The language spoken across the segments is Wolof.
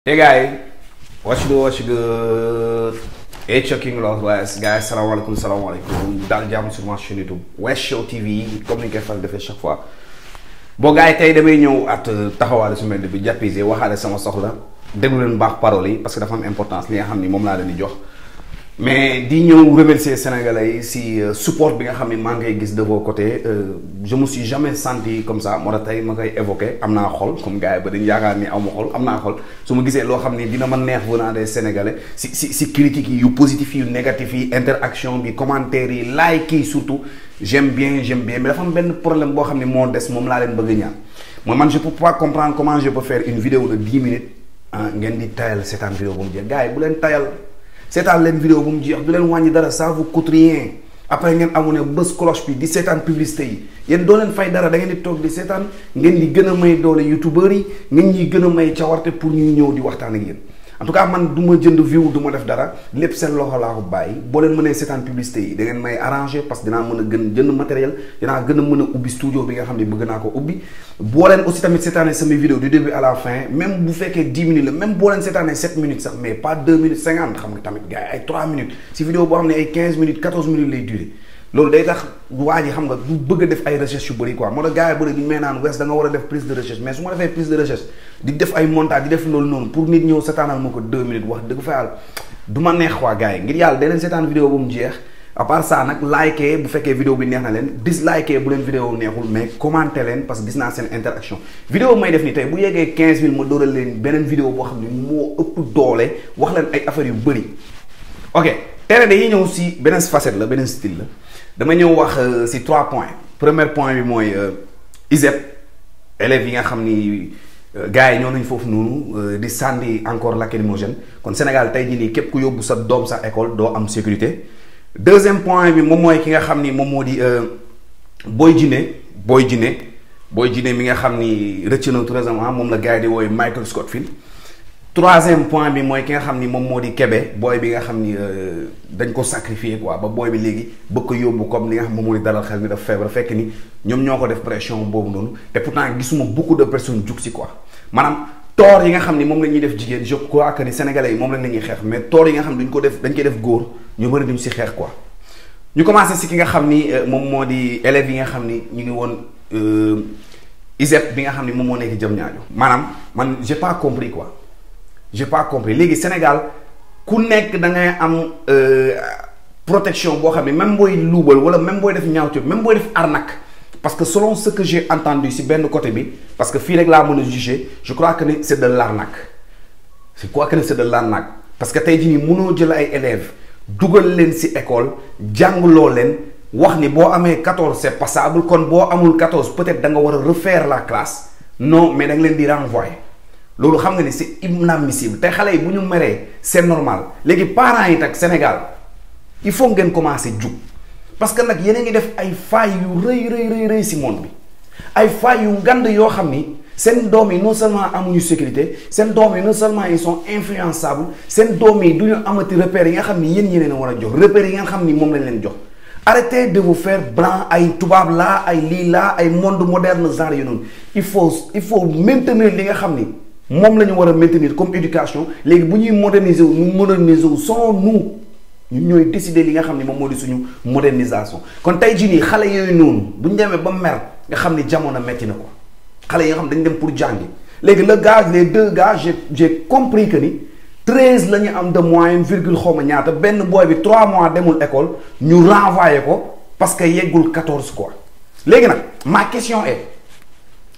Hey guys, what's good what's good hey King Lord Wes guys salaamaaleykum salaamaaleykum daal jàmm sur ma chaîne YouTube Wes Show TV comme ni ñu koy defee chaque fois boo gars yi tey damay ñëw at euh, taxawaale su mel bi jàppise waxaale sama soxla déglu leen baax parole yi parce que dafa am importance li nga xam ni moom laa leen di jox mais di ñëw remercier sénégalais yi si euh, support bi nga xam ne maa ngi koy gis de vos côté euh, je me suis jamais senti comme ça moo tax tey ma koy évoqué am naa xol comme gars ba dañu yaakaar ni aw ma xol am naa xol su ma gisee loo xam ne dina ma neex venant des sénégalais si si si critiques yi yu positif yi yu négatif yi interaction bi commentaires yi like yi surtout j'aime bien j'aime bien mais dafa am benn problème boo xam ne moo des moom laa leen bëgg ñaan mooy man je peux pas comprendre comment je peux faire une vidéo de dix minutes ah leen tayal seetaan leen vidéo bu mu jeex du leen wàññi dara ça vous coûte rien après ngeen abonné bës cloche bi di seetaan publicité yi yéen doo leen fay dara da ngeen di toog di seetaan ngeen di gën a may doole youtubeurs yi ngeen ñuy gën a may cawarte pour ñuy ñëw di waxtaan ak yéen en man du jënd view du def dara lépp seen loxo laa ko bàyyi boo leen mënee seetaan publicité yi da may arrangé parce que mën a gën jënd matériel dinaa gën a mën a ubbi studio bi nga xam ne bëgg naa ko ubbi boo leen aussi tamit seetaanee samay vidéo du début à la fin même bu fekkee 10 minutes la même boo leen seetaanee 7 minutes sax mais pas 2 minutes 50 xam nga tamit gars ay 3 minutes si vidéo boo xam ne ay 15 minutes loolu day tax waa ji xam nga du bëgg a def ay recherche yu bëri quoi moo tax gars yi bëri ñu naan wees da war a def prise de recherche mais su ma defee prise de recherche di def ay montage di def loolu noonu pour nit ñëw seetaanal ko deux minutes wax du ma neex waa gars ngir yàlla da leen seetaan vidéo ba mu jeex à part nag liker bu fekkee vidéo bi neex na leen disliker bu leen vidéo neexul mais commenter leen parce que gis naa seen interaction vidéo may def ni tey bu leen beneen vidéo boo xam ne moo leen ay affaires yu bëri ok tere dañuy ñëw si beneen facette la beneen la dama ñëw wax euh, si trois points premier point bi mooy euh, ISEP élèves yi nga xam ni euh, gars yi ñoo nañ foofu noonu di sànni encore lacrymogène kon Sénégal tey jii nii képp ku yóbbu sa doom sa école doo am sécurité deuxième point bi moom mooy ki nga xam ni moom moo di Boy Djiné Boy Djiné Boy Djiné mi nga xam ni rëcc na tout récemment moom la gars yi di wooy Michael Scofield troisième point bi mooy ki nga xam ni moom moo di Kébé booy bi nga xam ni euh, dañ ko sacrifié quoi ba booy bi léegi bëgg ko yóbbu comme li nga xam moom moo di dalal xel ni dafa fekk ni ñoo ko def pression boobu noonu te pourtant gisuma beaucoup si quoi maanaam toor yi nga xam ni moom la ñuy def jigéen je crois que ni sénégalais yi moom la ñuy xeex mais toor yi nga xam ne dañ ko def dañ koy def góor ñu bëri duñ si xeex quoi ñu commencé si ki nga xam ni euh, moom moo di élève yi nga xam ni ñu ngi woon euh, ISEP bi nga xam ni moom moo nekk jëm ñaajo maanaam man j'ai pas compris quoi j'ai pas compris léegi Sénégal ku nekk da ngay am euh, protection boo xam ne même booy luubal wala même booy def ñaawte même booy def arnaque parce que selon ce que j'ai entendu si benn côté bi parce que fii rek laa mën a juger je crois que ni c'est de l'arnaque je crois que ni c'est de l'arnaque parce que tey jii nii mënoo jël ay élèves dugal leen si école jàngloo leen wax ni boo amee 14 c'est passable kon boo amul 14 peut-être da nga war a refaire la classe non mais da leen di renvoyer. loolu xam nga ne c'est inadmissible te xale yi bu ñu meree c'est normal léegi parents yi tak Sénégal il faut ngeen commencer jug parce que nag yéen a ngi def ay failles yu rëy rëy rëy si monde bi ay failles yu ngande yoo xam ni seen doom yi non seulement amuñu sécurité seen doom yi non seulement ils sont influençables seen doom yi du ñu amati repères yi nga xam ni yéen yéen a war a jox repères yi nga xam ni moom lañ leen jox. arrêtez de vous faire blanc ay tubaab laa ay lii ay monde moderne genre yu noonu il faut il faut maintenir li nga xam ni. moom la ñu war a maintenir comme éducation léegi bu ñuy moderniser wu ñu moderniser wu sans ñu ñun ñooy décider li nga xam ne moom moo di suñu modernisation kon tey jii nii xale yooyu noonu bu ñu demee ba mer nga xam ni jamono metti na ko xale yi nga xam dañu dem pour jàngi léegi le gars les deux gars j'ai j'ai compris que ni treize la am de moyenne virgule xaw ma ñaata benn booy bi trois mois demul école ñu renvoyé ko parce que yeggul quatorze quoi léegi nag ma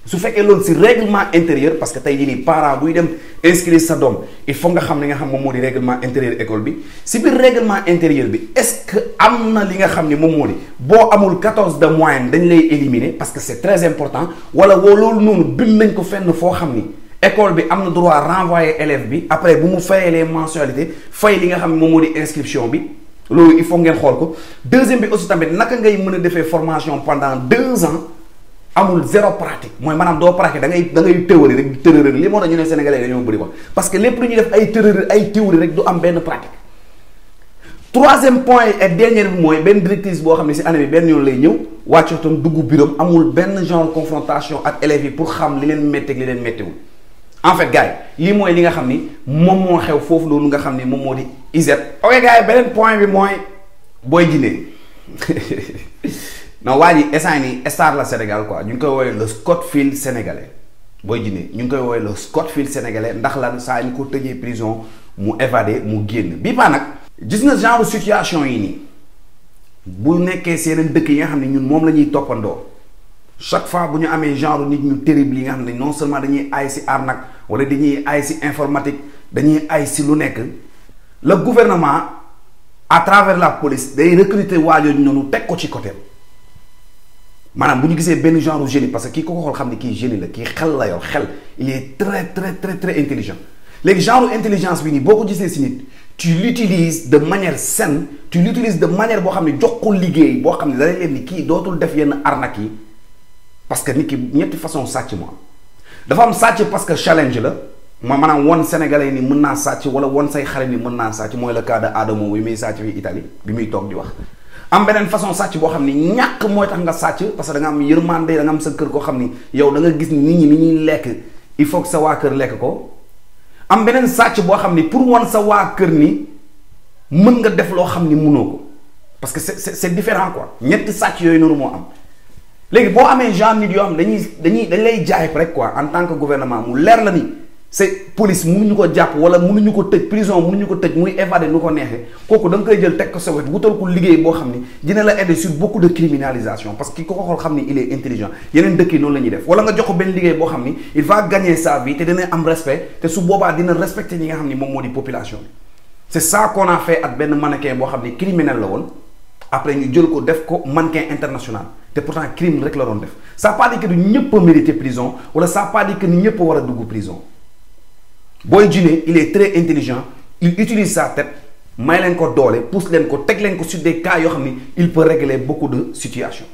su fekkee loolu si règlement intérieur parce que tey jii nii parent buy dem inscrire sa doom il faut nga xam ni nga xam moom moo di règlement intérieur école bi si biir règlement intérieur bi est-ce que am na li nga xam ni moom moo di boo amul 14 de moyenne dañ lay éliminer parce que c'est très important wala woo loolu noonu bind nañ ko fenn foo xam ni école bi am na droit renvoyer élève bi après bu mu fayee les mensualités fay li nga xam ne moom moo di inscription bi loolu il faut ngeen xool ko deuxième bi aussi tamit naka ngay mën a defee formation pendant deux amul zéro pratique mooy maanaam doo pratique da ngay da ngay théorie rek di tërërër li moo tax ñu ne sénégalais dañoo bëri wax parce que lépp lu ñuy def ay tërërër ay théorie rek du am benn pratique troisième point et dernier bi mooy benn directrice boo xam ne si année bi benn yoon lay ñëw wàcco tam dugg biroom amul benn genre confrontation ak élèves yi pour xam li leen métteeg li leen méttiwul en fait gars lii mooy li nga xam ni moom moo xew foofu loolu nga xam ni moom moo di ISEP ok beneen point bi mooy Boy Djiné non waa ji instant nii star la Sénégal quoi ñu ngi koy woowee le Scottfield sénégalais booy jinne ñu ngi koy woowee le Scottfield sénégalais ndax la saa ñu ko tëjee prison mu évadé mu génn bii paa nag. gis nga genre situation yi nii bu nekkee seen dëkk yi nga xam ne ñun moom la ñuy toppandoo chaque fois bu ñu amee genre nit ñu terrible yi nga xam ne non seulement dañuy ay si arnaque wala dañuy ay si informatique dañuy aay si lu nekk le gouvernement à travers la police day recruter waajooju noonu teg ko ci côté. maanaam bu ñu gisee benn genre génie parce que kii ko ko xool xam ne kii génie la kii xel la yor xel il est très très très intelligent léegi genre intelligence bi nii boo ko gisee si nit tu l'utilises de manière saine tu l'utilises de manière boo xam ne jox ko liggéey boo xam ne da leen ni kii dootul def yenn arnaque yi parce que nit ki ñetti façon sàcc moo am dafa am sàcc parce que challenge la ma maanaam won sénégalais ni mën naa sàcc wala won say xarit ni mën naa sàcc mooy le cas de Adamo bi muy sàcc bi muy toog di wax am beneen façon sàcc boo xam ni ñàkk mooy tax nga sàcc parce que da nga am yërmande da am sa kër koo xam ni yow da nga gis ni nit ñi ni ñuy lekk il faut que sa waa kër lekk ko am beneen sàcc boo xam ni pour wan sa waa kër ni mën nga def loo xam ni munoo ko parce que c'est c'est c'est différent quoi ñetti sàcc yooyu noonu moo am léegi boo amee genre nit yoo xam dañuy dañuy dañ lay jaay rek quoi en tant que gouvernement mu leer la ni. c'est police mënuñu ko jàpp wala mënuñu ko tëj prison mënuñu ko tëj muy évadé nu ko neexee kooku da koy jël teg ko sa wutal ko liggéey boo xam ni dina la aider sur beaucoup de criminalisation parce que ki ko xool xam ni il est intelligent yeneen dëkk noonu la def wala nga jox ko benn liggéey boo xam ni il va gagner sa vie te dina am respect te su boobaa dina respecter ñi nga xam ni moom moo di population bi c'est ça qu'on a fait ak benn mannequin ko def ko mannequin international te pourtant crime rek la doon def ça pas dire a ñëpp a war a booy Juné il est très intelligent il utilise sa tête may leen ko doole pousse leen ko teg leen ko sur des cas yoo xam ni il peut régler beaucoup de situation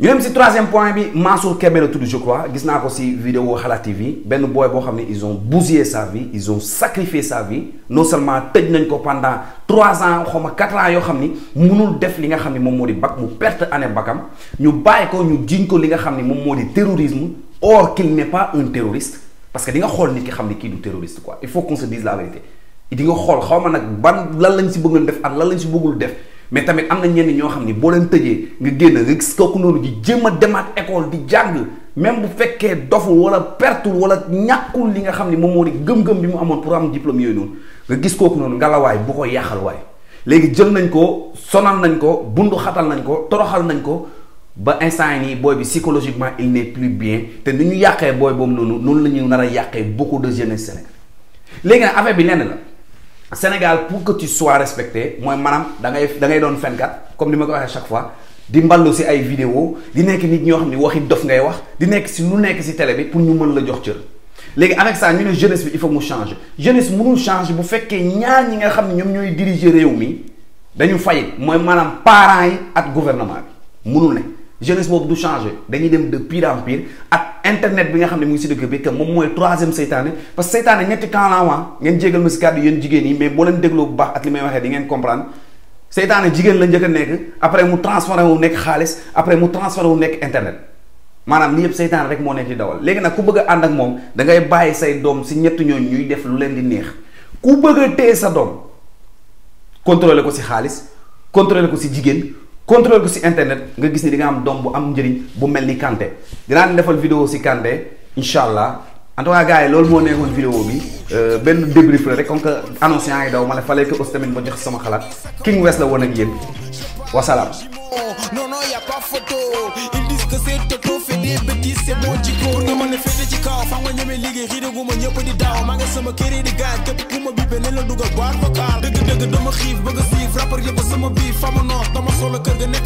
ñu si troisième point bi Mansour Kébé la tudd je crois gis naa ko si vidéo Xalaat TV benn booy boo xam ne ils ont bousillé sa vie ils ont sacrifié sa vie non seulement tëj nañ ko pendant trois ans xaw ma quatre ans yoo xam ni mënul def li nga xam ni moom moo di bac mu perte année bakkam ñu bàyyi ko ñu jiñ ko li nga xam ni moom moo di terrorisme or qu'il pas un terroriste. parce que di nga xool nit ki xam ne kii du terroriste quoi il faut qu'on se dise la vérité di xool xawma nag ba lan lañ si bëgg bëggoon def ak lan lañ si bëggul def mais tamit am na ñenn ñoo xam ni boo leen tëjee nga génn nga gis kooku noonu di jéem a demaat école di jàng même bu fekkee doful wala pertul wala ñàkkul li nga xam ni moom moo di gëm-gëm bi mu amoon pour am diplôme yooyu noonu nga gis kooku noonu ngalawaay bu ko yàqal waay léegi jël nañ ko sonal nañ ko bundu xatal nañ ko toroxal nañ ko ba instant yi nii booy bi psychologiquement il n'est plus bien te ni ñu yàqee booy boobu noonu noonu la ñu nar a yàqee beaucoup de jeunesse Sénégal léegi nag affaire bi lenn la Sénégal pour que tu sois respecté mooy maanaam da ngay da ngay doon fenkat comme ni ma ko waxee chaque fois di mballu si ay vidéo di nekk nit ñoo xam ne waxi dof ngay wax di nekk si lu nekk si télé bi pour ñu mën la jox cër léegi avec ça ñu ne jeunesse bi il faut mu changer jeunesse mënul changer bu fekkee ñaar ñi nga xam ne ñoom ñooy diriger réew mi dañu fay mooy maanaam parents yi ak gouvernement bi mënul ne. jeunesse boobu du changer dañuy dem de pire en pire ak internet bi nga xam ne mu ngi si dëkk bi que moom mooy troisième seytaane parce que seytaane ñetti camp la waa ah, ngeen jégal ma si kàddu yéen jigéen yi mais boo leen dégloo bu baax ak li may waxee di ngeen seytaane jigéen la njëkk a nekk après mu transformé wu nekk xaalis après mu transformé wu nekk internet maanaam li yëpp seytaane rek moo nekk di dawal léegi nag ku bëgg a ànd ak moom da ngay bàyyi say doom si ñetti ñooñu ñuy def lu leen di neex ku bëgg a sa doom contrôler ko si xaalis contrôler ko si jigéen contrôle ko si internet nga gis ni di nga am doom bu am njëriñ bu mel ni Kanté dinaa leen defal vidéo si Kanté incha allah en tout yi loolu moo nekkoon vidéo bi euh, benn débrief rek comme que annoncé yaa ngi ma ne fallait que aussi tamit ma jox sama xalaat King West la woon ak yéen wasalaam. des bêtises c'est mon jikko pour nga mën a féete ci kaw fa nga liggéey xiide gu ma ñëpp di daaw maa sama këri di gaañ képp ku ma bibe ne la dugal boîte vocale dëgg dëgg dama xiif bëgg a siif rappeur yëpp sama biif fa ma dama solo kër ga nekk